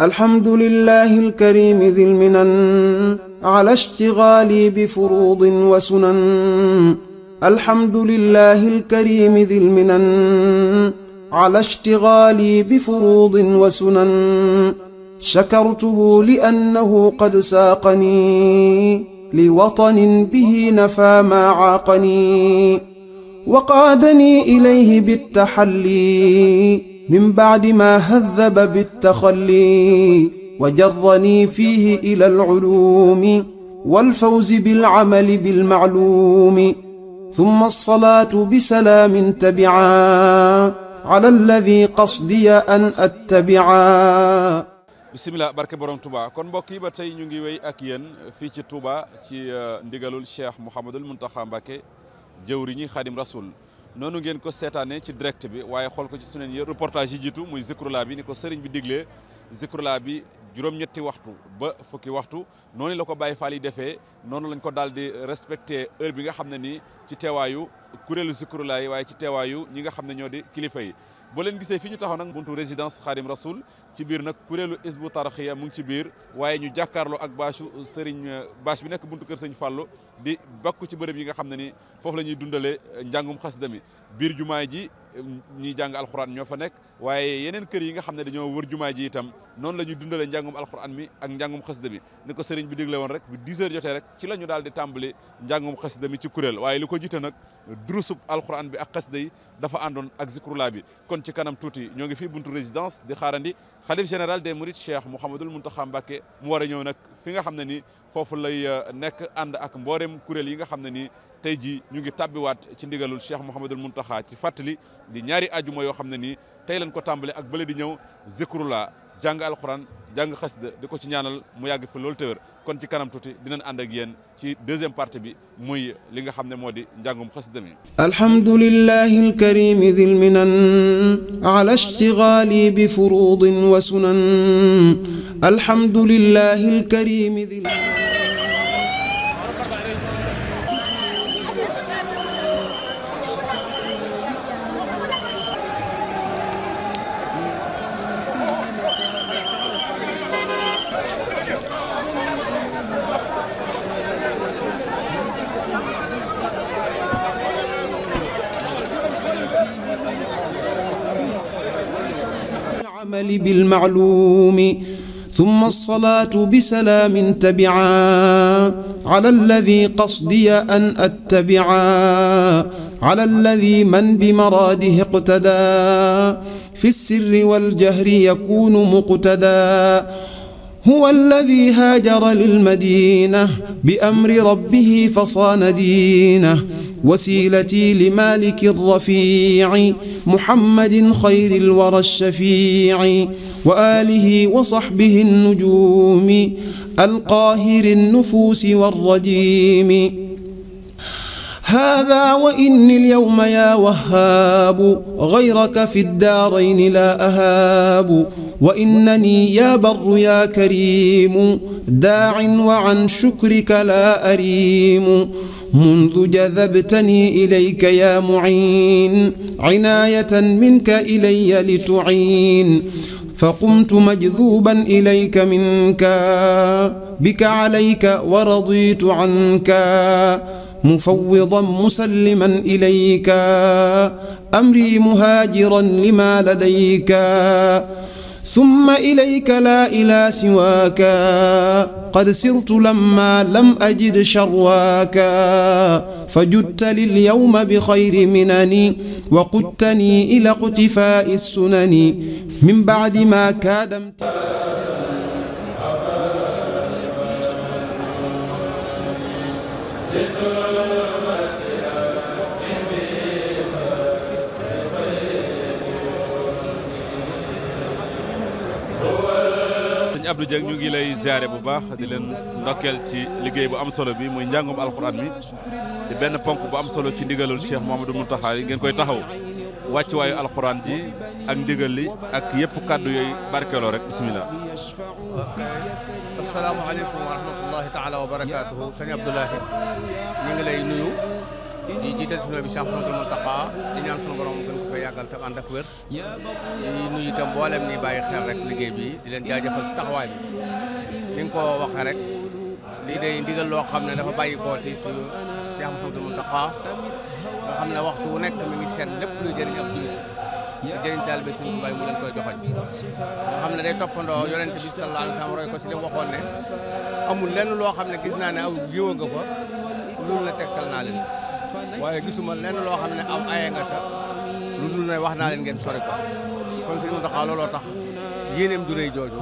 الحمد لله الكريم ذي المنن على اشتغالي بفروض وسنن الحمد لله الكريم ذي المنن على اشتغالي بفروض وسنن شكرته لأنه قد ساقني لوطن به نفى ما عاقني وقادني إليه بالتحلي من بعد ما هذب بالتخلي وجرني فيه إلى العلوم والفوز بالعمل بالمعلوم ثم الصلاة بسلام تبعا على الذي قصدي أن أتبعا بسم الله بارك بروم توبا كون بوكي با تاي نيغي وي اك يين في تي توبا تي آه، ندغالول شيخ محمد المنتخب مباكي جوري ني خادم رسول noonu ngeen ko seetaanee ci direct bi waaye xool ko ci suñu yë reportage yi jiitu muy zikrulaa bi ni ko sëriñ bi diglee zikrulaa bi juróom-ñetti waxtu ba fukki waxtu noonu la ko Baye Fall yi defee noonu lañ ko daal di respecté heure bi nga xam ne ni ci teewaayu kuréelu Zikrulaay waaye ci teewaayu ñi nga xam ne ñoo di kilifa yi boo leen gisee fi ñu taxaw nag buntu résidence Khadim Rasoul ci biir nag kuréelu Isbu Tarxiya mu ngi ci biir waaye ñu jàkkaarloo ak bâche Serigne bâche bi nekk buntu kër Serigne Fallou di bakku ci bërëb yi nga xam ne ni foofu la ñuy dundalee njàngum xasida mi biir jumaay ji ñuy jàng alxuraan ñoo fa nekk waaye yeneen kër yi nga xam ne dañoo wër jumaa ji itam noonu la ñuy dundalee njàngum alxuraan mi ak njàngum xasida mi ni ko Serigne bi dégle woon rek bu 10 heures rek ci la ñu daal di tàmbali njàngum xasida mi ci kuréel waaye li ko jiite nag درسوا القرآن بأقصى دعي دفع عندهم أذكر الله بي كن تكلم توتي نيجي في بنت ريزيدنس دخارندي خليفة جنرال ديموريت شيخ محمد المنتخب بكى موارنيونك فينا خمدني فوفلي نك عند أكبرهم كرلينا خمدني تيجي نيجي تابي وات الشيخ محمد المنتخب تفتلي دنياري أجمع يخمدني تيلن كتامبل أقبل دنيو ذكر الله jàng alxuraan jàng xasida di ko ci ñaanal mu yàgg fi loolu téwér kon ci kanam tuuti dinañ ànd ak yéen ci deuxième partie bi muy li nga xam ne moo di njàngum xasida mi alhamdulillahi alkarimi dhil minan ala ishtighali bi furudin wa sunan alhamdulillahi alkarimi dhil بالمعلوم ثم الصلاة بسلام تبعا على الذي قصدي أن أتبعا على الذي من بمراده اقتدى في السر والجهر يكون مقتدى هو الذي هاجر للمدينة بأمر ربه فصان دينه وسيلتي لمالك الرفيع محمد خير الورى الشفيع وآله وصحبه النجوم القاهر النفوس والرجيم هذا وإني اليوم يا وهاب غيرك في الدارين لا أهاب وإنني يا بر يا كريم داع وعن شكرك لا أريم منذ جذبتني إليك يا معين عناية منك إلي لتعين فقمت مجذوبا إليك منك بك عليك ورضيت عنك مفوضا مسلما إليك أمري مهاجرا لما لديك ثم إليك لا إلى سواك قد سرت لما لم أجد شرواك فجدت لليوم بخير منني وقدتني إلى اقتفاء السنن من بعد ما كاد Abdou Dieng ñu ngi lay ziare bu baax di leen ndokkeel ci liggéey bu am solo bi muy njàngum alxuraan mi di benn ponk bu am solo ci ndigalul Cheikh Mouhamadou Mountakha yi ngeen koy taxaw wàccuwaayu alxuraan ji ak ndigal li ak yëpp kàddu yooyu barkeeloo rek bisimilah. asalaamaaleykum wa rahmatullahi taala wa barakaatuhu sëñ Abdoulahi ñu ngi lay nuyu di jiital yàggal tam ànd ak wér di nuyu itam mboolem ñi bàyyi xel rek liggéey bi di leen jaajëfal si taxawaay bi ni nga ko waxee rek lii day ndigal loo xam ne dafa bàyyi koo ci Cheikh Mouhamadou Mountakha nga xam ne waxtu wu nekk mi ngi lépp luy jëriñ ak jullit di jëriñ taal bi suñu bay mu leen koy joxoñ nga xam ne day toppandoo yonent bi sallallahu alayhi wa roy ko ci li waxoon ne amul lenn loo xam ne gis naa ne aw yiw nga fa loolu la tegtal naa leen waaye gisuma lenn loo xam ne am aye nga ca lu dul ne wax naa leen ngeen sori ko kon sëñ Mountakha looloo tax yéeneem du rëy jooju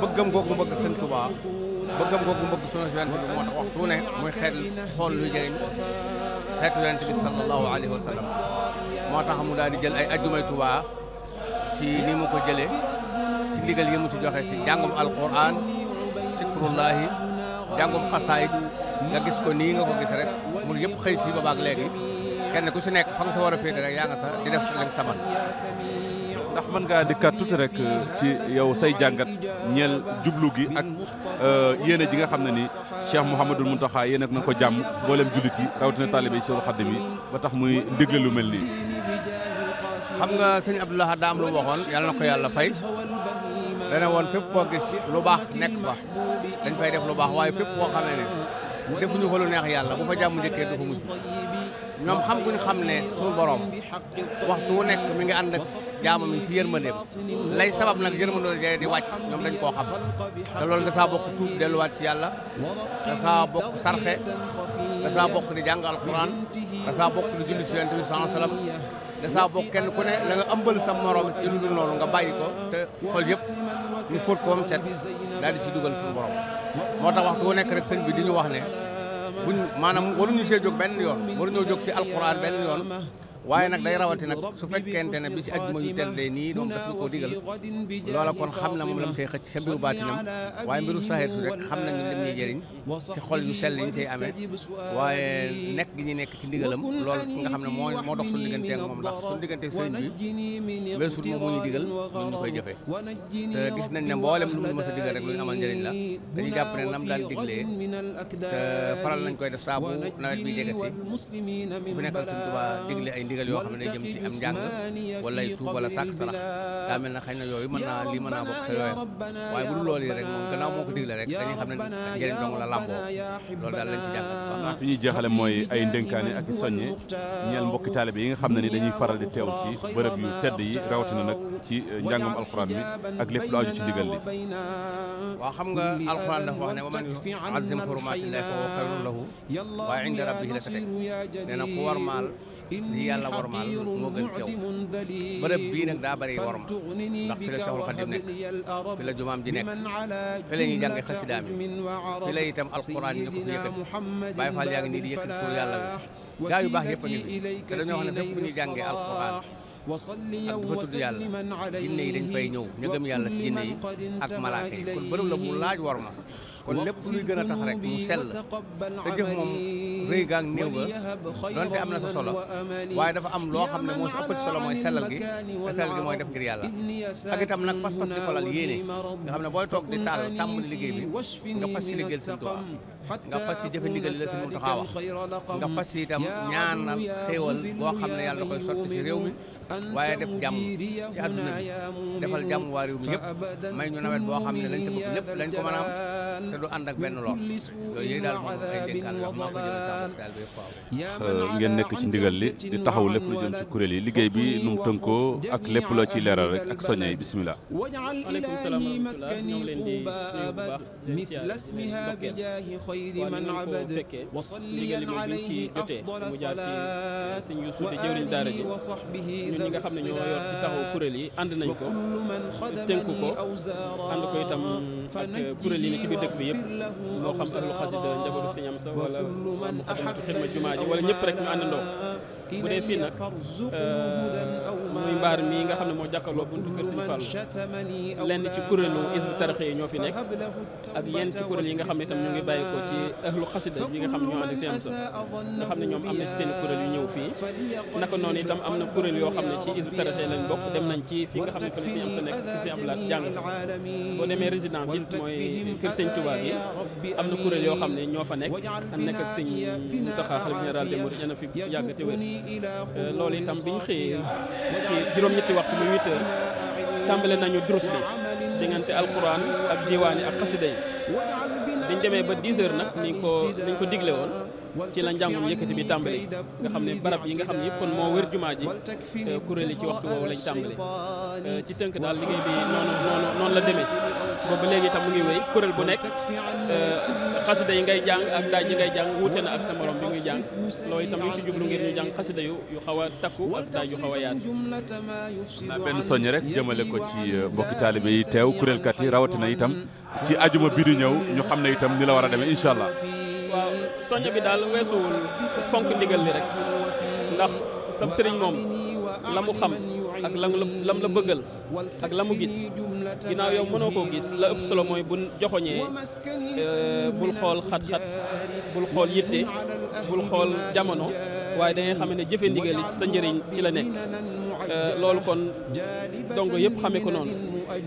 bëggam kooku bëgg sëñ Touba bëggam kooku bëgg sunu yonent bi moo tax waxtu ne muy xeet xool lu jëriñ xeetu yonent bi sallallahu alayhi wa sallam moo tax mu daal di jël ay ajjumay Touba ci ni mu ko jëlee ci ndigal yi mu ci joxe ci jàngum alquran sikrullahi jàngum xasaayid nga gis ko nii nga ko gis rek mun yëpp xëy si ba baag léegi kenn ku si nekk fa nga sa war a féete rek yaa nga sa di def sa leen saban ndax mën ngaa dikkaat tuuti rek euh, ci yow say jàngat ñeel jublu gi ak euh, yéene ji nga xam ne ni Cheikh Mouhamadul Mountakha yéen ak na ko jàmm mboolem jullit yi rawatina taalibe Cheikhul Khadim yi ba tax muy dégle lu mel nii. xam nga sëñ Abdoulaye daam lu waxoon yàlla na ko yàlla fay dana woon fépp foo gis lu baax nekk fa dañ fay def lu baax waaye fépp koo xamee ne defuñu ko lu neex yàlla bu jàmm njëkkee du ñoom xam guñ xam ne suñu borom waxtu wu nekk mi ngi ànd ak jaamam yi si yërmandeem lay sabab nag yërmandoo jee di wàcc ñoom dañ koo xam te loolu dasaa bokk tuub delluwaat ci yàlla dasaa bokk sarxe dasaa bokk di jàng alquran dasaa bokk di julli si yonent bi sallallahu alayhi wasallam bokk kenn ku ne la nga ëmbal sa morom ci lu dul nga bàyyi ko te xol yëpp ñu fóot ko ba set daal si dugal suñu borom moo tax waxtu wu nekk rek sëñ bi di ñu wax ne buñ maanaam waruñu see jóg benn yoon waruñoo jóg si alquran benn yoon waaye nag day rawati nag su fekkente ne bi si ajuma yu tedd nii moom daf ñu koo digal loola kon xam na moom la mu see xëcc sa mbiru waaye xam nañ ne dem ñuy jëriñ si xol yu ñu nekk gi ñu nekk ci ndigalam loolu nga xam ne moo moo dox suñu diggante ak moom ndax suñu diggante sëriñ bi weesul moom moo ñu digal ñun ñu koy jëfee te gis nañ ne mboolem lu mu mës a digal rek lu ñu amal njëriñ la dañuy jàpp ne nam daan diglee te faral nañ koy def saabu nawet bi jege si fu nekkal suñu Tuubaa digle ay ndigal yoo xam ne jëm ci am njàng wala tuub wala sàkk sarax daa mel na xëy na yooyu mën naa lii mën naa bokk sa yooyu waaye bu dul loolu yi rek moom gannaaw moo ko digle rek dañuy xam ne njëriñ dong la làmboo loolu daal lañ ci jàng waaw fi ñuy jeexale mooy ay ndénkaane ak i soññe ñeel mbokki taalibe yi nga xam ne ni dañuy faral di teew ci bërëb yu tedd yi rawatina nag ci eh, njàngam alxuraan bi ak lépp lu aju ci ndigal li waaw xam nga alxuraan dafa wax ne wa man yu'azzim hurumaatillaahi fa huwa xayrun lahu wa inda rabbihi la nee na ku warmaal li yàlla wormaal moo gën teew bërëb bii nag daa bëri worma ndax fi la Seexul Xadim nekk fi la jumaam ji nekk fi la ñuy jànge xasidaam yi fi la itam alquran yi ko fi yëkkati Baay Faal yaa ngi nii di yëkkati pour yàlla wi gaa yu baax yëpp a ngi fi te dañoo xam ne fépp fu ñuy jàngee alquran ak du fa tudd yàlla jinne yi dañ fay ñëw ñu gëm yàlla ci jinne yi ak malaaka yi kon bërëb la mu laaj worma kon lépp luy gën a tax rek mu sell te jëf moom rëy gaag néew ga donte am na sa solo waaye dafa am loo xam ne moo si ëpp ci solo mooy sellal gi te sellal gi mooy def ngir yàlla ak itam nag pas-pas di ko lal yéene nga xam ne booy toog di taal tàmbali liggéey bi nga fas ci liggéeyal Sëñ Tuubaa nga fas ci jëfe xam ne yàlla da koy sotti ci réew mi waaye def jàmm ci àdduna bi defal jàmm waa réew mi yëpp may ñu nawet boo xam ne lañ sa bëgg lépp ko mën a du ànd ak benn lor yooyu yëpp daal moom ay dénkaan la maa ko jëlee taxawu taal bi faaw. ngeen nekk ci ndigal li di taxaw lépp lu jëm ci kuréel yi liggéey bi nu mu tënkoo ak lépp loo ciy leeral rek ak soññe yi bisimilah. waaleykum salaam wa rahmatulah ñoo ngi leen di nuyu bu baax di siyaar di ndokkeel waa ñu ko fekkee ndigal li moom ci jotee mu jaar ci suñu suuti jëwriñ daara ji ñun ñi nga xam ne ñoo yor ci taxawu kuréel yi ànd nañ ko tënk ko ànd ko itam. ak kuréel yi ne ci biir dëkk bi yëpp moo xam ak lu xasida njabootu si ñam sa wala mu xamatu xidma jumaa ji wala ñëpp rek ñu àndandoo bu dee fii nag muy mbaar mii nga xam ne moo jàkkaarloo buntu kër Sëñ Fallu lenn ci kuréelu isbu taraxe yi ñoo fi nekk ak yenn ci kuréel yi nga xam ne itam ñu ngi bàyyi ko ci ahlu xasida yi nga xam ne sa xam ne ñoom am na ci seen kuréel yu ñëw fii naka noonu itam am na kuréel yoo xam ne ci isbu taraxe lañ bokk dem nañ ci fii nga xam ne la Sëñ Amsa nekk fi Sëñ Ablaat jàng boo kër Sëñ Tuubaa yi am na kuréel yoo xam ne ñoo fa nekk am nekk ak Sëñ Muntaxa xalifa général des mourides fi yàgg te wér loolu itam bi ñu xëyee juróom-ñetti wax muy 8 heures tàmbale nañu durus bi diggante alquran ak jiwaani ak xasida yi biñ demee ba 10 heures nag niñ ko niñ ko digle woon ci la njàngum yëkkati bi tàmbale nga xam ne barab yi nga xam ne yëpp kon moo wër jumaa ji eh, kuréel yi ci waxtu woowu lañ tàmbale eh, ci tënk daal liggéey bi noonu noonu noonu la demee boobu léegi itam mu ngi wéy kuréel bu nekk eh, xasida yi ngay jàng ak daaj yi ngay jàng wuute na ak sa morom bi muy jàng loolu itam ñu ci jublu ngir ñu jàng xasida yu yu xaw a takku ak daaj yu xaw a yaatu naa benn soññ rek jëmale ko ci mbokki taalibe yi teew kuréelkat yi rawatina itam ci ajuma bi di ñëw ñu xam ne itam ni la war a demee incha allah soñña bi daal weesuwul fonk ndigal li rek ndax sab sëriñ moom la mu xam ak lam lam la bëggal ak la mu gis ginnaaw yow mënoo ko gis la ëpp solo mooy bu joxoñee euh, bul xool xat-xat bul xool yitte bul xool jamono waaye da ngay xam ne jëfe ndigal li sa njëriñ ci la nekk Euh, loolu kon donc yëpp xamee ko noonu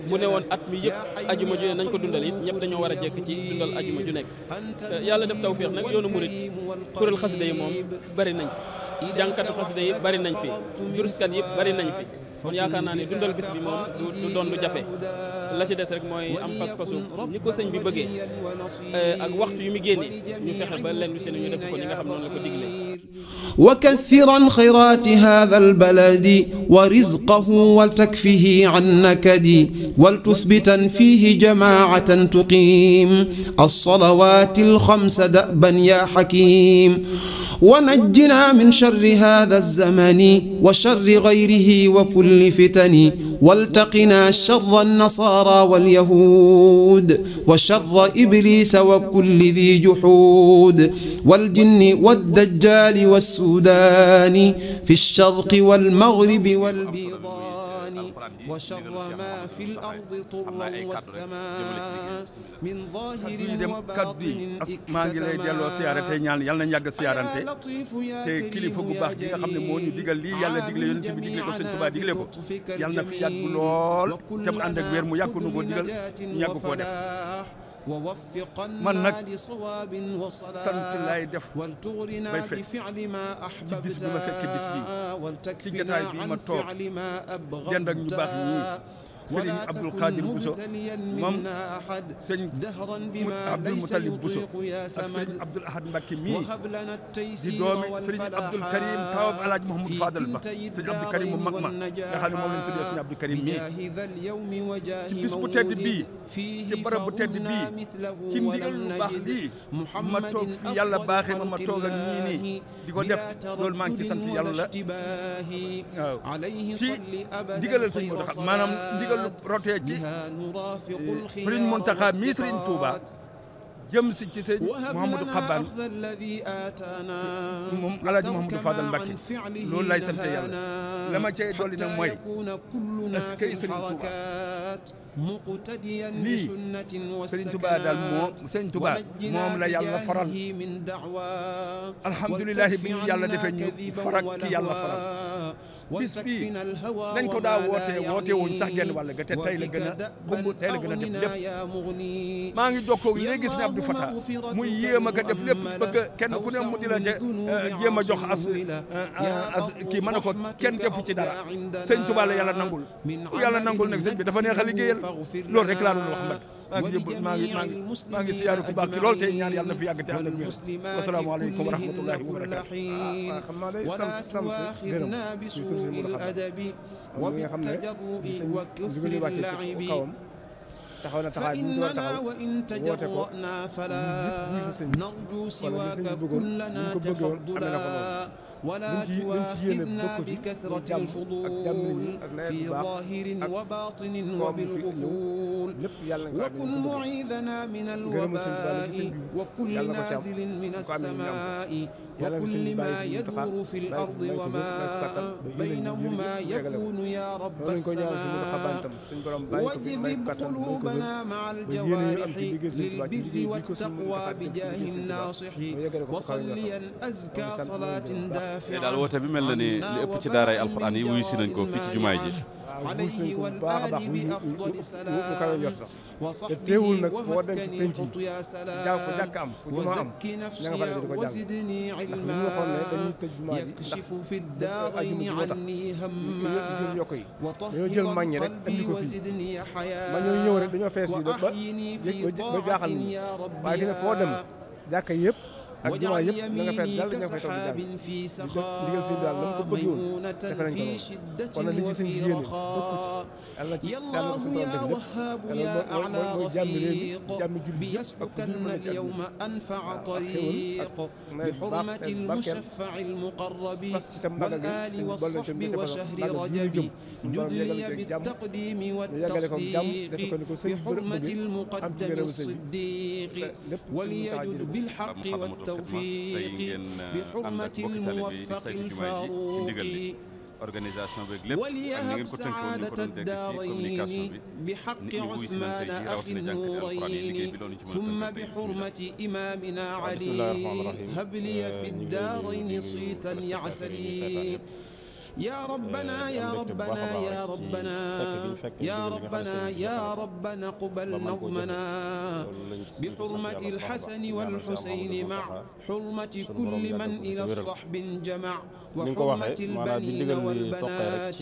bu ne woon at mi yëpp ajuma ju ne nañ ko dundal it dañoo war a jekk ci dundal ajuma ju nekk euh, yàlla def tawféex nag yoonu murit kuréel xasida yi moom bari nañ fi jànkatu xasida yi bari nañ fi juruskat yi bari nañ fi kon yaakaar naa ne dundal bis bi moom du doon lu jafe la ci des rek mooy am pas-pasu ni ko sëñ bi bëggee euh, ak waxtu yu mu génnee ñu fexe ba lenn lu seen ñu def ko ni nga xam noonu la ko diglee وكثرا خيرات هذا البلد ورزقه ولتكفه عن نكد ولتثبتا فيه جماعة تقيم الصلوات الخمس دأبا يا حكيم ونجنا من شر هذا الزمن وشر غيره وكل فتن والتقنا شر النصارى واليهود وشر إبليس وكل ذي جحود والجن والدجال والسودان في الشرق والمغرب والبيضان wa ma fi l-ardi turran wa samaa min zaahirin wa baatinin maa ngi lay delloo siyaare tey ñaan yal nañ yàgg siyaarante te kilifa gu baax gi nga xam ne moo ñu digal lii yàlla digle yonent bi digle ko Sëñ Tuubaa digle ko yal na fi yàgg lool te ànd ak weer mu yàgg nu ko digal ñu yàgg def ووفقنا لصواب وصلاة ولتغرنا بفعل ما أحببت ولتكفنا عن فعل ما أبغضت سيدنا عبد القادر بوسو مام سيدنا دهرا بما عبد المطلب بوسو يا سمد عبد الاحد مكي مي وهب لنا التيسير سيدنا عبد الكريم تواب على محمد فاضل با سيدنا عبد الكريم مام ما يا خالي مام نتو سيدنا عبد الكريم مي هذا اليوم وجاه بس بو تيد بي في بر بو تيد بي كي ندي لو باخ دي محمد تو في يالا باخي ما توغ ني ني ديكو ديف لول مانكي سانت يالا آه. عليه صلي ابدا ديغال سيدنا مانام ديغال rotee ci Sëriñ Muntaxa mi Sëriñ Tuuba jëm si ci sëñ Mouhamadou Xaban moom El Hadj Mouhamadou Fadal Mbacke loolu lay sant yàlla la ma cay dolli nag mooy est-ce que Sëriñ Touba lii Sëriñ Touba daal moo Sëriñ Touba moom la yàlla faral alhamdulilah bi ñu yàlla defee ñu farak ki yàlla faral. bis bii nañ ko daa wootee wootee wuñ sax genn wàll ga te tey la gën a gumb tey la gën a def maa ngi jokkoo léegi si Abdou Fata muy yéem a ko def lépp bëgg kenn ku ne mu di la ca eh, jéem a jox as eh, eh, as kii mën na ko kenn defu ci dara sëñ Tuubaa la yàlla nangul ku yàlla nangul nag sëñ bi dafa neex a liggéeyal loolu rek laa doon wax mbat maa ngi yëpp maa ngi maa ngi siyaare ku baax lool tey ñaan yàlla na fi yàgg te ànd ak wér wasalaamaaleykum wa rahmatullahi wa barakaatu waaw xam naa lay sant sant gërëm ñu tur si mën a xam ñi nga xam ne sëñ bi nga ñu wàccee ci kawam taxaw na taxaw bi ñu doon taxaw woote ko ñun ñëpp ñu ngi fi sëñ bi kon li sëñ bi bëggoon ñu ko bëggoon amee na ko lool ولا تواخذنا بكثرة الفضول في ظاهر وباطن وبالغفول وكن معيذنا من الوباء وكل نازل من السماء وكل ما يدور في الأرض وما بينهما يكون يا رب السماء واجذب قلوبنا مع الجوارح للبر والتقوى بجاه الناصح وصليا أزكى صلاة دائمة te daal woote bi mel na ni li ëpp ci daaray alxuraan yi wuyu si nañ ko fii ci jumaa ji عليه والآل بأفضل السلام وصحبه ومسكن القط يا سلام وزك نفسي وزدني علما يكشف في الدارين عني هما وطهر قلبي وزدني حياة وأحيني في طاعة يا ربي واجعل يمينك سحاب في سخاء ميمونة في شدة وفي رخاء يا الله يا وهاب يا أعلى رفيق بيسبكن اليوم أنفع طريق بحرمة المشفع المقرب والآل والصحب وشهر رجب جد لي بالتقديم والتصديق بحرمة المقدم الصديق وليجد بالحق والتصديق التوفيق بحرمة الموفق الفاروق وليهب سعادة الدارين بحق عثمان أخي النورين ثم بحرمة إمامنا علي هب لي في آه، الدارين صيتا يعتلي يا ربنا آه، يا ربنا يا ربنا يا ربنا يا ربنا قبل نظمنا بحرمة الحسن نعم، والحسين مع حرمة كل من إلى الصحب جمع وحرمة البنين والبنات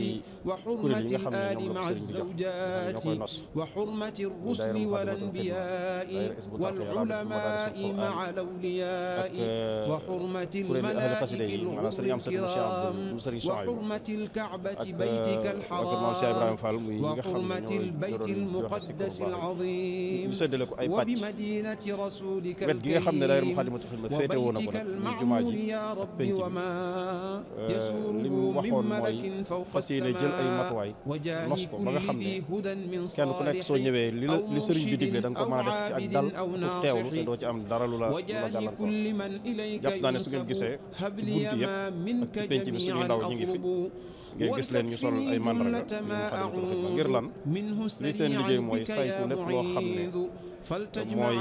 وحرمة الآل مع الزوجات وحرمة الرسل والأنبياء والعلماء مع الأولياء وحرمة الملائكة الغر الكرام وحرمة الكعبة بيتك الحرام وحرمة البيت المقدس العظيم وبمدينة رسولك الكريم وبيتك المعمول يا رب وما Euh, li mu waxoon mooy fas yéene jël ay matuwaay los ko ba nga xam ne kenn ku nekk soo ñëwee li la li sëriñ bi digle da nga ko mën a def ci ak dal ku teewlu te doo ci am dara lu la lu la gàllankoor jàpp naa ne su ngeen gisee ci bunt yëpp ak ci penc bi suñuy ndaw ñu ngi fi ngeen gis leen ñu sol ay mandarga ngir lan li seen liggéey mooy saytu lépp loo xam ne mooy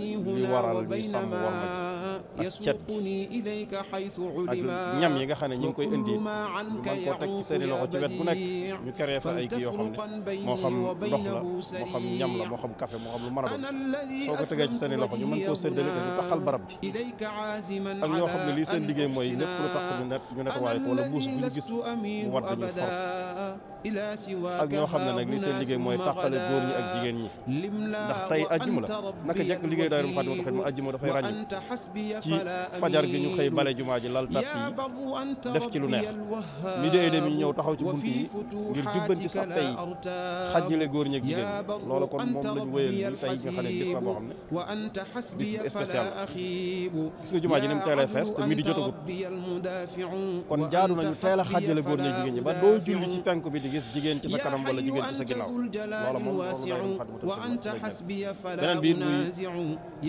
li waral li sàmm war يسوقني إليك حيث علما نعم، وكل ما عنك يعوق يا بديع فلتفرقا بيني وبينه سريع أنا الذي أسلمت يوما إليك عازما على أن أسنى أنا الذي لست أمين أبدا إلى سواك هناك نفس لم لا وأنت ربي وأنت حسبي ci fajar gi ñu xëy bale jumaa ji lal tapis yi def ci lu neex midi et demi ñëw taxaw ci bunt yi ngir jubbanti sàppe yi xajjale góor ñeeg jigéen ñi loolu kon moom lañ wéyal ni tey nga xam ne gis la boo xam ne bis spécial gis nga jumaa ji ni mu teelee fees te midi jotagut kon jaadu nañu teel a xajjale góor ñeeg jigéen ñi ba doo julli ci penku bi di gis jigéen ci sa kanam wala jigéen ci sa ginnaaw loolu moom loolu beneen bi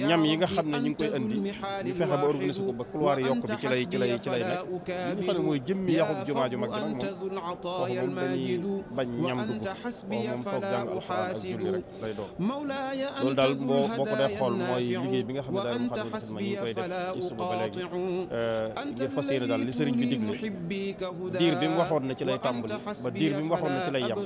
ñam yi nga xam ne ñu ngi koy andi fexe ba organiser ko ba couloir yi yokk bi ci lay ci lay ci lay nekk li nga xam ne mooy jëmmi yaxub jumaa ju mag ji nag moom kooku moom dañuy bañ ñam dugg moom moom toog jàng alxuraan ak julli rek lay doon loolu daal boo boo ko dee xool mooy liggéey bi nga xam ne daal mu xam ne ñu koy def ci suba ba léegi ngir fas yéene daal li sëriñ bi digle diir bi mu waxoon na ci lay tàmbali ba diir bi mu waxoon na ci lay yam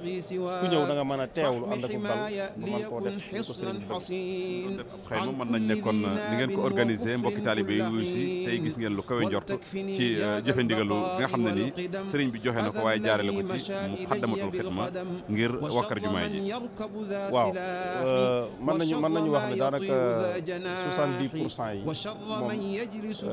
ku ñëw da nga mën a teewlu ànd ak dal mën koo def ko sëriñ bi xëy na mën nañ ne kon ni ngeen ko organiser mbokki taalibe yi wuyu si tey gis ngeen lu kawe njort ci euh, jëfe ndigalu nga xam ne nii sëriñ bi joxe na ko waaye jaarale ko ci mu xaddamatul xidma ngir wakkar jumaa ji waaw euh, mën nañu mën nañu wax ne daanaka 70 pour cent yi moom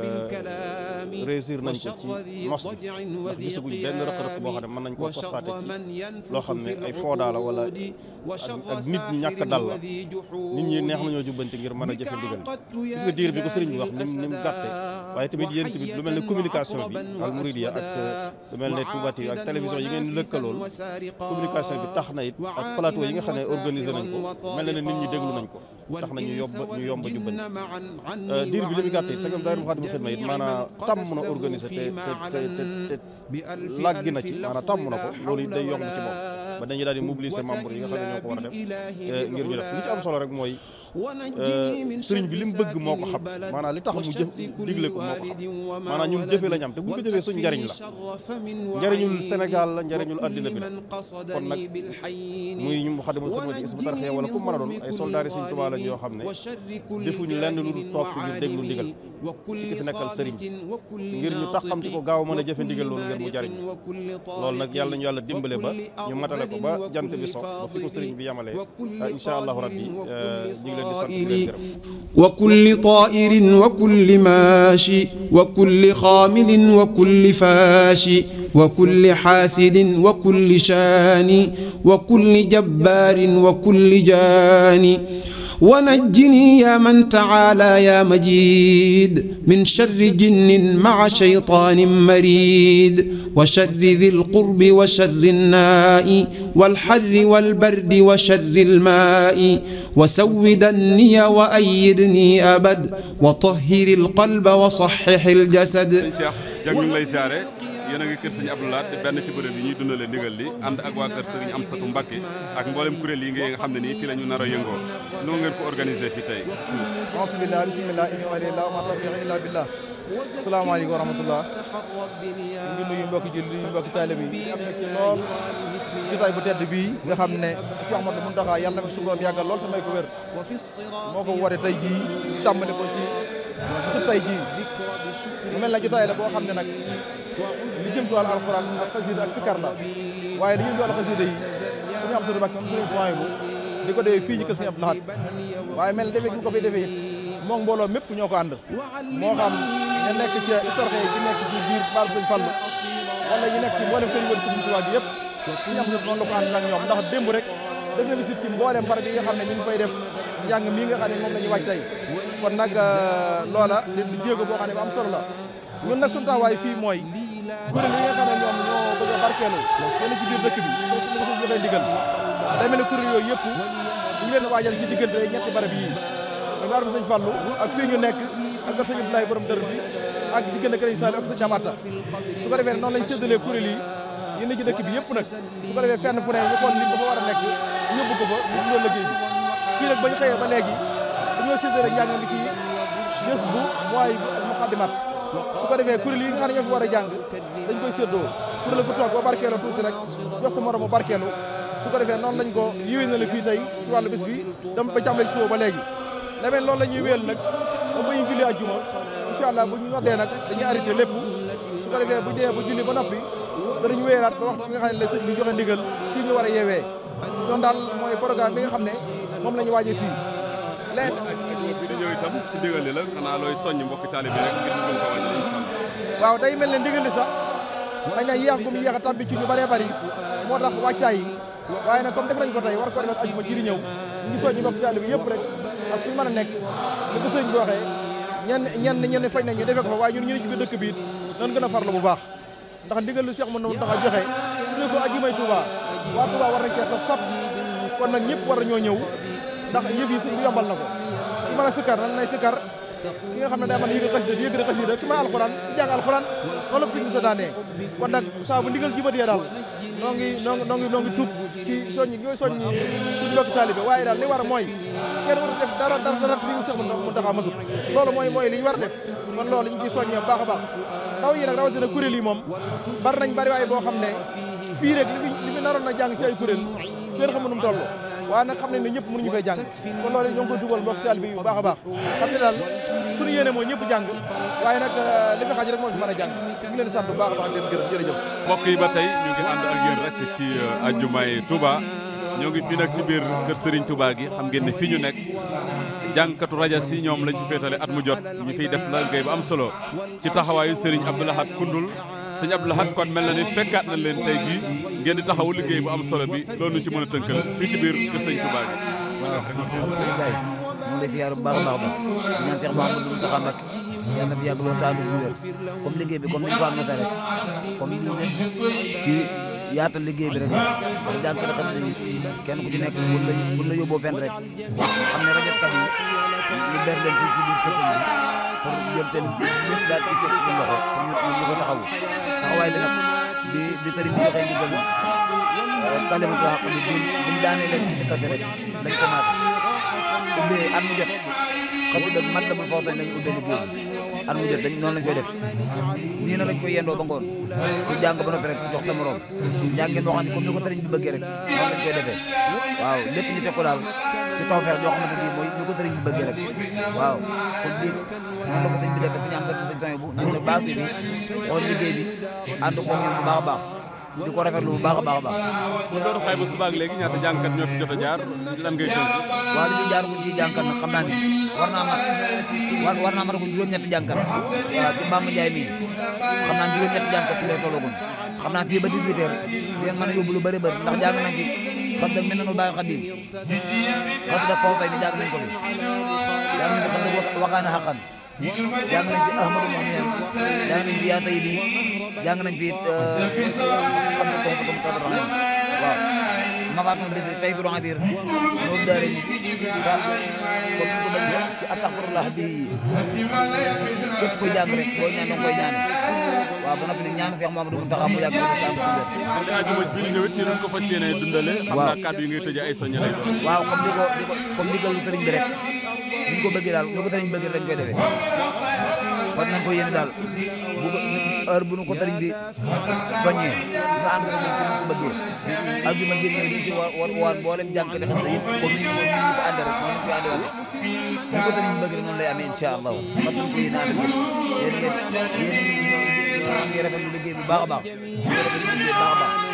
euh, réussir nañ ko ci nos ndax gisaguñ benn rëq-rëq boo xam ne mën nañ koo constaté ci loo xam ne ay foodaa la wala ak nit ñi ñàkk dal la nit ñi neex nañoo jubbanti ngir mën a jëfe ndigal gis nga diir bi ko sëriñ bi wax ni mu gàtte waaye tamit yéen tamit lu mel ne communication bi al Mouridiyyah ak lu mel ne Touba TV ak télévision yi ngeen lëkkalool communication bi tax na it ak plateau yi nga xam ne organisé nañ ko mel na ne nit ñi déglu nañ ko tax na yomb ñu yomb euh, a yomb ci moom ba dañuy daal di mobiliser membre yi nga xam ne ñoo ko war a def ngir ñu def li am solo rek mooy Euh, sëriñ bi li mu bëgg moo ko xam maanaam li tax mu jëf digle ko moo ko xam maanaam ñun jëfe la ñam te bu ñu la njariñul Sénégal la njariñul àddina bi la kon nag a doon ay soldaar yi yoo xam ne ñu déglu ndigal ci ki fi nekkal sëriñ ngir ñu ko gaaw mën a jëfe ndigal loolu ngir mu jariñ loolu nag yàlla ñu yàlla dimbale ba ñu ba jant bi so ba fi ko sëriñ bi yamale insha allahu rabbi euh, الطائر وكل طائر وكل ماشي وكل خامل وكل فاشي وكل حاسد وكل شاني وكل جبار وكل جاني ونجني يا من تعالى يا مجيد من شر جن مع شيطان مريد وشر ذي القرب وشر الناء والحر والبرد وشر الماء وسودني وأيدني أبد وطهر القلب وصحح الجسد yéen a ngi kër sëñ Abdou Lahad di benn ci bërëb yi ñuy dundale ndigal li ànd ak waa kër sëriñ Amsatu Mbàkke ak mboolem kuréel yi nga xam ne nii fi la ñu nar a yëngoo nu ngeen ko organisé fi tey bismillah bismillah inna lillahi wa ma tawfiqi illa billah salaamaaleykum wa rahmatullah ñu nuyu mbokki julli ñu mbokki taalibe yi am na ci lool jotaay bu tedd bii nga xam ne Cheikh Ahmadou Mountakha yàlla na ko suñu borom yàggal lool te may ko wér moo ko waree tey jii tàmbali ko ci su tey jii mu mel na jotaay la boo xam ne nag li jëm ci wàllu alxuraan ak xasida ak sikar la waaye li jëm ci wàllu xasida yi suñu am sunu bàkk am sunu soin bu di ko defee fii ñu kër suñu Abdou Lahad waaye mel defee gi ko fay defee it moom mbooloo mépp ñoo ko ànd moo xam la ko ànd ak ñoom ndax démb rek def na visite ci mboolem barab yi nga xam ne ñu ngi fay def njàng mii nga xam moom la ñu tey kon nag euh, loola li jéego boo xam am solo la ñun nag sunu taxawaay fii mooy kuréel yi nga xam ñoom ñoo barkeelu yéen ci biir dëkk bi foofu la ñu ko joxee ndigal day mel ne kuréel yooyu yëpp ñu ngi leen a waajal ci diggante ñetti barab yii dañu war a sëñ Fallou ak fii ñu nekk ak nga sëñ Abdoulaye borom dër bi ak diggante kër yi Saliou ak sëñ Diamata su ko defee noonu yi yi ne dëkk bi yëpp nag su fenn fu ne ñu xool li dafa war a nekk ñëpp ko fa ñu loolu liggéey bi fii nag bañ xëyee ba léegi dañoo séddale su ko defee kuréel yi nga war a jàng dañ koy séddoo kuréel ku toog ba barkeelu tuuti rek jox sa morom a barkeelu su ko defee noonu lañ ko yiwee na la fii tey dama ba jàmbale ci suba ba léegi demeen loolu nag ba bañu julli àjjuma bu ñu noddee nag dañuy arrêté lépp su ko bu demee ba julli ba danañu wéyalaat ba waxtu bi nga xam la sëñ bi joxe ndigal war a yeewee noonu daal mooy programme bi nga xam ne moom la ñu waajee fii bi di ñëw itam ci ndigal li la looy soññ ñu mën ko waaw day mel ne ndigal li sax xëy na yéex bu mu yéex a ci ñu bëree bëri moo tax wàccaay yi waaye na comme def nañ ko tey war ko defal ajuma ji di ñëw ngi soññ mbokki taalibe yëpp rek ak fu a nekk bu ko sëñ bi waxee ñenn ñenn ñenn fañ nañ ñu defee ko fa waaye ñun ñu ne ci biir dëkk bi it nan gën a farlu bu baax ndax ndigal lu Cheikh mën na tax a joxe ñu ko ajumay Touba waa Touba war nañ cee toog kon nag ñëpp war nañoo ñëw ndax yëf yi suñu yombal na ko mën a sikkar nan nay sikkar ki nga xam ne day mën a yëkkati xasida di yëkkati xasida ci may alxuraan di jàng alxuraan loolu ko sëñ kon nag saa bu ndigal jibatee daal noo ngi noo ngi noo ngi noo ngi taalibe waaye daal li war mooy kenn war a def dara dara dara li sax mu taxaw masut loolu mooy mooy li war a def kon loolu ñu ciy soññee baax a baax taw yi nag rawatina yi moom bari nañ bari waaye boo xam ne fii li fi naroon na jàng ci ay waaye nag xam ne ne ñëpp mënuñu fay jàng kon loolu ñoo ngi koy dugal mbokk taalibe bi bu baax a baax xam ne daal suñu yéene mooy ñëpp jàng waaye nag euh, li fi xaj rek moo si mën a jàng ñu ngi yi ba tey ci ajjumaay euh, Touba ñoo ngi fii nag ci biir kër sëriñ Touba gi xam ngeen ne fii ñu nekk jàngkatu rajo si ñoom lañ ci féetale at mu jot ñu fiy def la ngay am solo ci taxawaayu Serigne Abdoul Ahad Koundoul sëñ Abdou Lahad kon mel na ni fekkaat na leen tey jii ngeen di taxawu liggéey bu am solo bi loolu ci mën a tënkal fii ci biir kër sëñ Touba bi. waaw alhamdulilah ñu ngi lay ziar bu baax a a baax ñaan Cheikh Mouhamadou Mountakha Mbacké yàlla na fi yàgg loolu taal bu wér comme liggéey bi comme ni ko amee rek comme ni ñu liggéey bi rek ak jànkale kat yi nekk buñ la la yóbboo fenn rek xam ne rajo kat yi ñu ber leen fii ci biir kër kon yoon tamit ñëpp daal di jot ci loxo pour taxawu taxawaay bi nag di di tëri bi joxe ndigal kalimatu xaq bi bu ñu daanee leen ci école bi rek lañ ko naat ubbee at xam nga man la bul faw dañ lañu ubbee liggéey at mu jot dañ noonu lañ koy def nii na dañ koy yendoo ba ngoon ku jàng ba noppi rek jox sa morom jàngeen boo xam ne comme ni ko sëriñ bi bëggee rek noonu lañ koy defee waaw lépp ñu fekko daal ci tawfeex joo xamante ni mooy ni ko sëriñ bi bëggee rek waaw kon lii ko sëriñ bi defee fi ñu am rek sëriñ bu ñu ne baax bi xool liggéey bi ànd ko ñun bu baax a baax di ko rafetlu bu baax a baax a baax. kon loolu xayma suba ak léegi ñaata jàngkat ñoo fi jot a jaar lan ngay tënk. waaw li ñu jaar ko ci jàngkat nag xam naa ne warna warna warna marah hujung nyata jangkar eh, timbang menjadi karena hujung nyata jangkar tidak pun karena dia berdiri dia yang mana ibu lu beri beri tak jangan lagi pada minum ubah kadin kalau tidak kau ini jangan lagi yang akan tunggu wakan hakan yang lagi ahmad mohon jangan lagi dia tadi ini yang lagi kita kau tak kau terakhir غمام البذل فيقول غدير نور داري استغفر الله به كوب كوي جاغ رك كوي نان كوي جان waaw ba noppi ñaan feex moom du taxaw mu yàgg da ajuma ji ñëwit ñu ko fas yéene dundale xam naa kàddu yi ngay tëjee ay soññe lay doon waaw comme ni ko comme ni ko sëriñ bi rek ni ko bëggee daal ni ko sëriñ bëggee lañ koy defee fas nañ ko yéene daal bu nu ko sëriñ bi soññee nga ànd ko moom bëggee ajuma jël ñëw di ci war war boolem jànkate xam ne yëpp comme ni ñu ko àndee ko àndee bi bëgg noonu lay amee incha allah fas nañ ko yéene ànd yéen ngeen yéen ngi rafetlu liggéey a baax a baax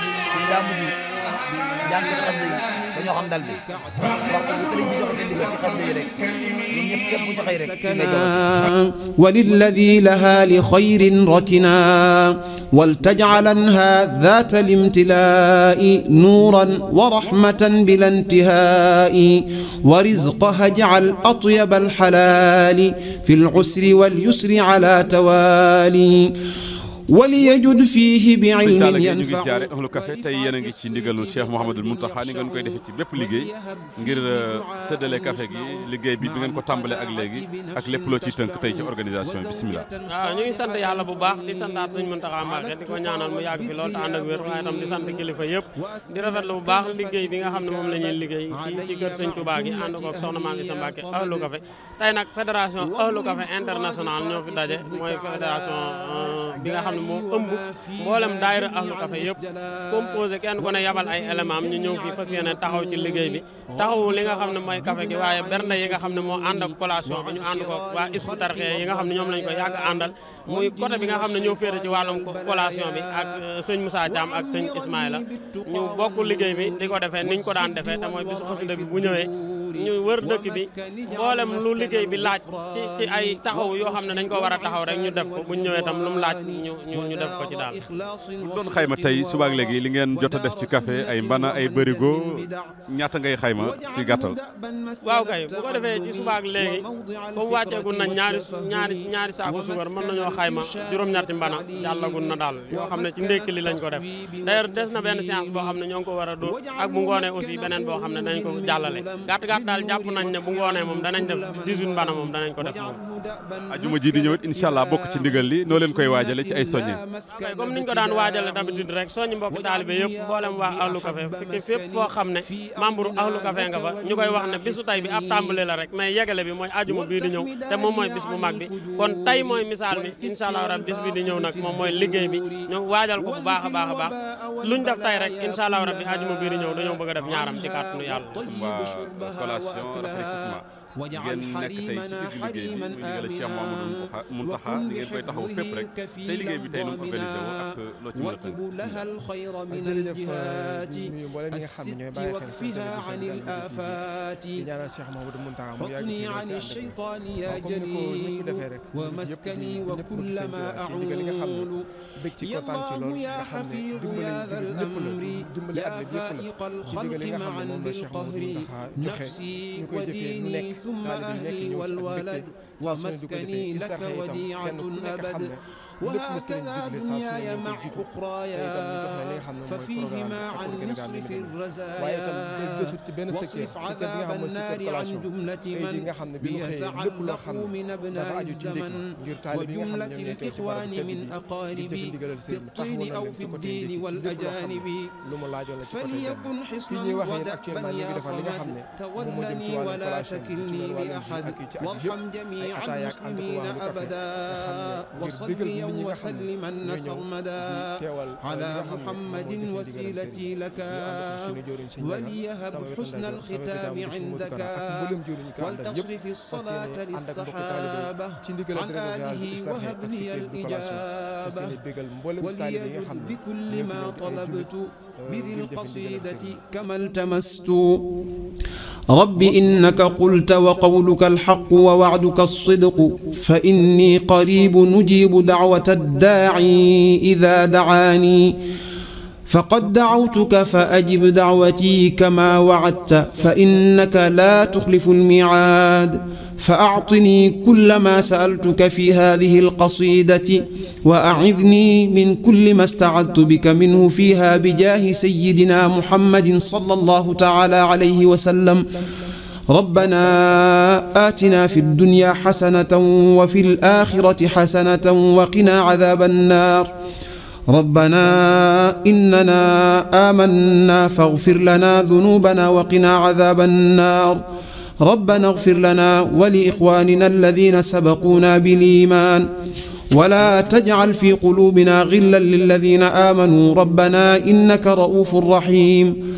وللذي لها لخير ركنا ولتجعلنها ذات الامتلاء نورا ورحمة بلا انتهاء ورزقها اجعل أطيب الحلال في العسر واليسر على توالي وليجد فيه بعلم ينفع تي يانا غي سي ديغالو شيخ محمد المنتخا ني غن كاي ديف سي بيب ليغي غير سدالي كافي غي ليغي بي غن كو تامبالي اك ليغي اك ليپ لو تي تنك تي سي اورغانيزاسيون بسم الله اه ني سانت يالا بو باخ دي سانتات سيني منتخا ما غي ديكو نانال مو ياغ في لو تاند وير واي تام دي سانت كليفا ييب دي رافات لو باخ ليغي بيغا خامن موم لا ني ليغي في سي كير سيني توبا غي اند كو سونا ماغي سامباكي اولو كافي تاي نك فيدراسيون اولو كافي انترناسيونال نيو في داجي موي فيدراسيون بيغا خامن xam ne moo ëmb mboolem daayira ahlu café yëpp composé kenn ku ne yabal ay élément am ñu ñëw fii fas yéene taxaw ci liggéey bi taxawu li nga xam ne mooy café gi waaye bernde yi nga xam ne moo ànd ak bi ñu ànd ko waa isbu tarxe yi nga xam ne ñoom lañ ko yàgg àndal muy côté bi nga xam ne ñoo féete ci wàllum collation bi ak euh, sëñ Moussa Thiam ak sëñ Ismaïla ñu bokk liggéey bi di ko defee niñ ko daan defee te mooy bisu xasida bi bu ñu wër dëkk bi mboolem lu liggéey bi laaj ci ci ay taxaw yoo xam ne dañ ko war a taxaw rek ñu def ko bu ñëwee tam lu mu laaj ñu ñu def ko ci daal. bu doon xayma tey subaak léegi li ngeen jot a def ci café ay mbana ay bërigo ñaata ngay xayma ci gàttal. waaw kay bu ko defee ci subaak léegi comme wàcceegu nañ ñaari ñaari ñaari saako suukar mën nañoo xayma juróom-ñatti mbana jàllagun na daal yoo xam ne ci ndékki li lañ ko def d'ailleurs des na benn séance boo xam ne ñoo ngi ko war a dóor ak bu ngoonee aussi beneen boo xam ne ko jàllale gàtt gàtt daal jàpp nañ ne bu ngoonee moom danañ def 18 bana moom danañ ko def moom ajuma ji di ñëwit incha allah bokk ci ndigal li noo leen koy waajale ci ay soññe waaw comme niñ ko waa ahlu café fikki fépp foo xam ne membre ahlu café nga fa ñu koy wax ne bisu tay bi ab tàmbali la rek mais yegale bi mooy ajuma bii ñëw te moom mooy bis bu mag bi kon tay mooy misaal bi incha rab bi di ñëw nag moom mooy liggéey bi ñu waajal ko bu baax a collation rafraîchissement واجعل حريمنا حريما آمنا وكن بحفظه كفيل انضامنا وكب لها الخير من الجهات الست وكفها عن الآفات حكني عن الشيطان يا جليل ومسكني وكل ما أعول يا الله يا حفيظ يا ذا الأمر يا فائق الخلق معا بالقهر نفسي وديني ثم أهلي والولد ومسكني لك وديعة أبد وهكذا دنياي مع أخرايا ففيهما عن نصرف الرزايا واصرف عذاب النار عن جملة من بيتعلق من أبناء الزمن وجملة الإخوان من أقاربي في الطين أو في الدين والأجانب فليكن حصنا ودأبا يا صمد تولني ولا تكلني لأحد وارحم جميع المسلمين أبدا وصلي يوم وسلما سرمدا على محمد وسيلتي لك وليهب حسن الختام عندك ولتصرف الصلاة للصحابة عن آله وهب لي الإجابة وليجد بكل ما طلبت بذي القصيدة كما التمست رب إنك قلت وقولك الحق ووعدك الصدق فإني قريب نجيب دعوة الداعي إذا دعاني فقد دعوتك فأجب دعوتي كما وعدت فإنك لا تخلف الميعاد فأعطني كل ما سألتك في هذه القصيدة وأعذني من كل ما استعذت بك منه فيها بجاه سيدنا محمد صلى الله تعالى عليه وسلم ربنا آتنا في الدنيا حسنة وفي الآخرة حسنة وقنا عذاب النار ربنا إننا آمنا فاغفر لنا ذنوبنا وقنا عذاب النار ربنا اغفر لنا ولإخواننا الذين سبقونا بالإيمان ولا تجعل في قلوبنا غلا للذين آمنوا ربنا إنك رؤوف رحيم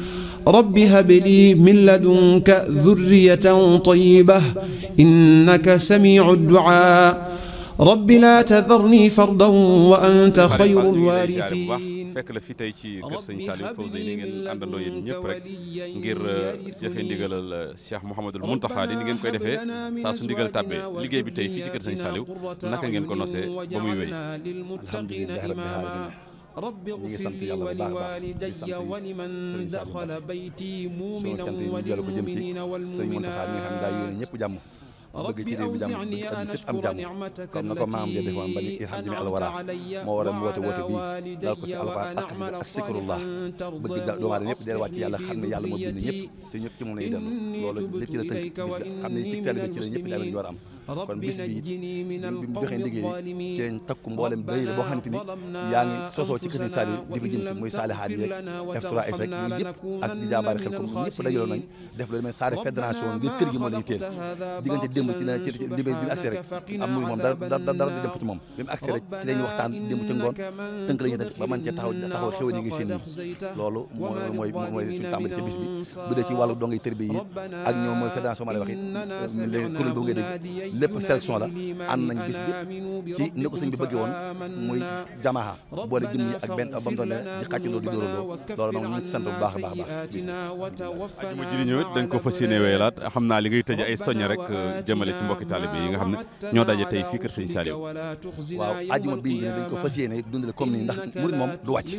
رب هب لي من لدنك ذرية طيبة إنك سميع الدعاء رب لا تذرني فردا وأنت خير الوارثين fekk la fi tey ci kër sëñ Saliou Fawzey ni ngeen àndandoo yéen ñëpp rek ngir uh, jëfe ndigalal uh, Cheikh Mouhamadul Mountakha di ni ngeen koy defee saa su ndigal tàbbee liggéey bi tey fii ci kër sëñ Saliou naka ngeen ko nosee ba muy wéy alhamdulilah rabbil alamin رب اغفر لي ولوالدي ولمن دخل بيتي مؤمنا والمؤمنين والمؤمنات bëgg ci réew mi jàmm bëgg am sëpp am jàmm comme na ko maam ja defoon ba ni xam jami alwara moo waral mu woote woote bii dal ko ci alxuraan ak xasida ak sikrullah bëgg doomu aadama ñëpp delluwaat ci yàlla xam ne yàlla moo bind ñëpp te ñëpp ci moom lay dellu loolu lépp ci la tënk xam ne ci teel ci la ñëpp daa ñu war a am kon bis bi bi mu joxee ndigal ci lañ takku mboolem day boo xamante ni yaa ngi sosoo ci kër yi saali di jëm si muy saali haadi bi rek mu ngi seen bi bu ak ñoom mooy fédération ma lay wax it kuréel boobu ngay dégg lépp sélection la ànd nañ bis bi ci ni ko sëñ bi bëggee woon muy jamaha boole jëm ñi ak benn ba mu doon di xàccandoo di sant bu baax a baax a baax. ajuma ji di ñëw it dañ ko fas yéene wéyalaat xam naa li ngay tëje ay soññ rek euh, jëmale ci mbokki taalibe yi nga xam ne ñoo daje tey fii kër sëñ Saliou. waaw ajuma bii dañ ko fas yéene dundale comme nii ndax murit moom du wàcc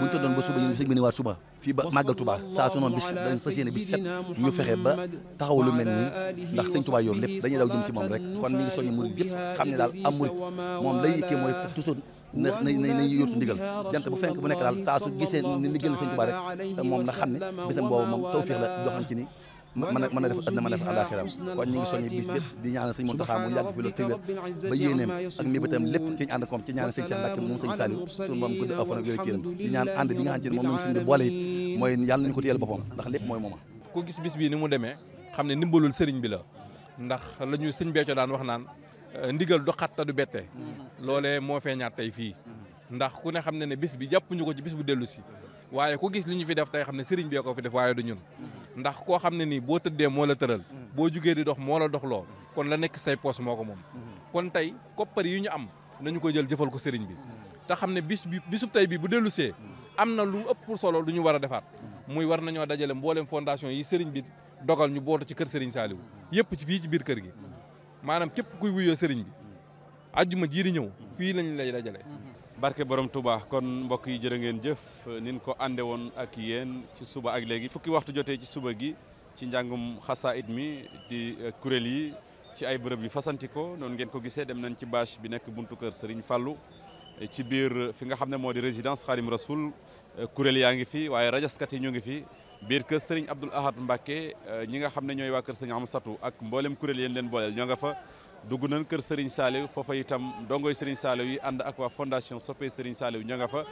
buñ ko doon ba suba ñu sëñ bi ne waat suba ان ان ان ان ان ان في مغل توبا ساسونو بيش دا فاسيني بيش سات نيو فخه با تاخو لو ان داخ سيغ توبا يور ليب دا نيو داو ديم تي موم ريك كون نيغي ان مورو ييب خامني دال امور موم لا ييكي موي توسو ناي ناي ناي يورتو ان جانت بو فنك بو نيك دال ساسو غيسه ني نديغال سيغ توبا ريك موم ان خامني بيسام بوبو موم توفيق لا جوخانتي ني mën a a def àddina mën a def àllaaxiram kon ñu ngi soññi bis bépp di ñaanal sëñ Muntaxa mu yàgg fi lu tëgg ba yéeneem ak mébétam lépp ci ñu ànd koom ci ñaanal sëñ Cheikh Mbacke moom moom gudd aw ne moom lañ suñu di boole it mooy yàlla nañu ko téyel boppam ndax lépp mooy mooma ku gis bis bii ni mu demee xam ne ndimbalul sëriñ bi la ndax la ñu sëñ Béthio daan wax naan euh, ndigal du xatta du bette loolee moo fee feeñaat tey fii ndax ku ne xam ne ne bis bi jàpp ñu ko ci bis bu dellu si waaye ku gis li ñu fi def tey xam ne sëriñ bi ko fi def waaye du ñun ndax koo xam ne nii boo tëddee moo la tëral mm. boo jugee di dox moo la dox lool mm. kon la nekk say poos moo ko moom mm-hmm. kon tey koppar yi ñu am nañu ko jël jëfal ko sëriñ bi mm-hmm. te xam ne bis bi bisub tey bi bu dellu see mm-hmm. am na lu ëpp solo lu ñu war a defaat muy war nañoo dajale mboolem fondation yi sëriñ bi dogal ñu bootu ci kër sëriñ Saaliw yëpp ci fii ci biir kër gi maanaam képp kuy wuyoo sëriñ bi ajjuma jii di ñëw fii lañ lay dajale barke borom Touba kon mbokk yi jërë ngeen jëf nin ko ànde woon ak yéen ci suba ak léegi fukki waxtu jotee ci suba gi ci njàngum it mi di eh, kuréel yi ci ay bërëb yu fasantikoo noonu ngeen ko gisee dem nañ ci bâche bi nekk buntu kër Serigne Fallou eh, ci biir fi nga xam ne moo di résidence Khadim Rasoul eh, kuréel yaa ngi fi waaye rajaskat yi ñu ngi fi biir kër sëriñ Abdoul Ahad Mbacké ñi nga xam ne ñooy waa kër Serigne Amsatou ak mboolem kuréel yéen leen booleel ñoo nga fa dugg nañ kër Serigne Saliou foofa itam dongoy Serigne Saliou yi ànd ak waa fondation soppee Serigne Saliou ña nga fa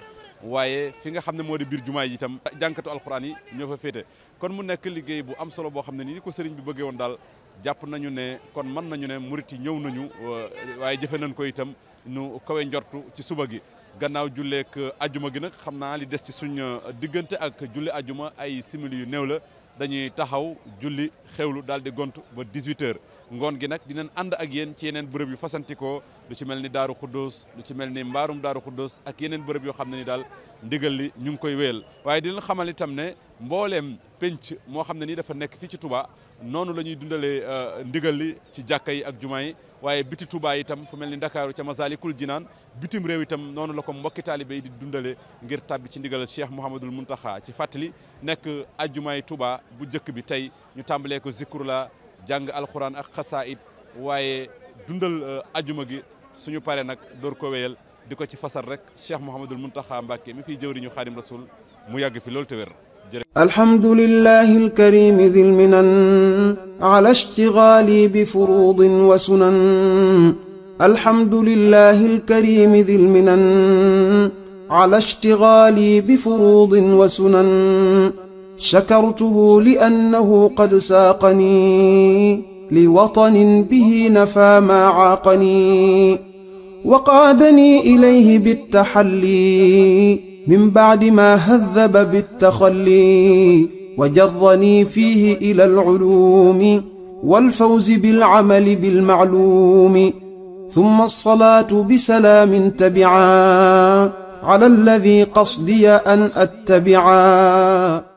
waaye fi nga xam ne moo di biir jumaa yi itam jànkatu alxuraan yi ñoo fa féete kon mu nekk liggéey bu am solo boo xam ne nii ko sëriñ bi bëggee woon daal jàpp nañu ne kon mën nañu ne muriti ñëw nañu euh, waaye jëfe nañ ko itam nu kawe njortu ci suba gi gannaaw julleek euh, ajuma gi nag xam naa li des ci suñ euh, diggante ak julli ajuma ay simili yu néew la dañuy taxaw julli xewlu daal di gont ba 18 heures ngoon gi nag dinañ ànd ak yéen ci yeneen bërëb yu fasantikoo lu ci mel ni daaru xuddoos lu ci mel ni mbaarum daaru xuddoos ak yeneen bërëb yoo xam ne ni daal ndigal li ñu ngi koy wéyal waaye dinañ xamal itam ne mbooleem penc moo xam ne ni dafa nekk fii ci Touba noonu la ñuy dundalee euh, ndigal li ci jàkka yi ak jumaa yi waaye biti Touba yitam fu mel ni Ndakaaru ca Masaalikul Jinaan bitim réew itam noonu la ko mbokki taalibe yi di dundale ngir tàbbi ci ndigal Cheikh Mouhamadul Muntaxa ci fàttali nekk ajjumaay Touba bu jëkk bi tey ñu tàmbalee ko zikur la jàng alquran ak khasaid waye dundal aljuma gi suñu pare nak dor ko wéyal diko ci fasal rek cheikh Mouhamadul Mountakha mbake mi fiy jëwriñu khadim rasoul mu yag fi lol te wér الحمد لله الكريم ذي المنن على اشتغالي بفروض وسنن الحمد لله الكريم ذي المنن على اشتغالي بفروض وسنن شكرته لأنه قد ساقني لوطن به نفى ما عاقني وقادني إليه بالتحلي من بعد ما هذب بالتخلي وجرني فيه إلى العلوم والفوز بالعمل بالمعلوم ثم الصلاة بسلام تبعا على الذي قصدي أن أتبعا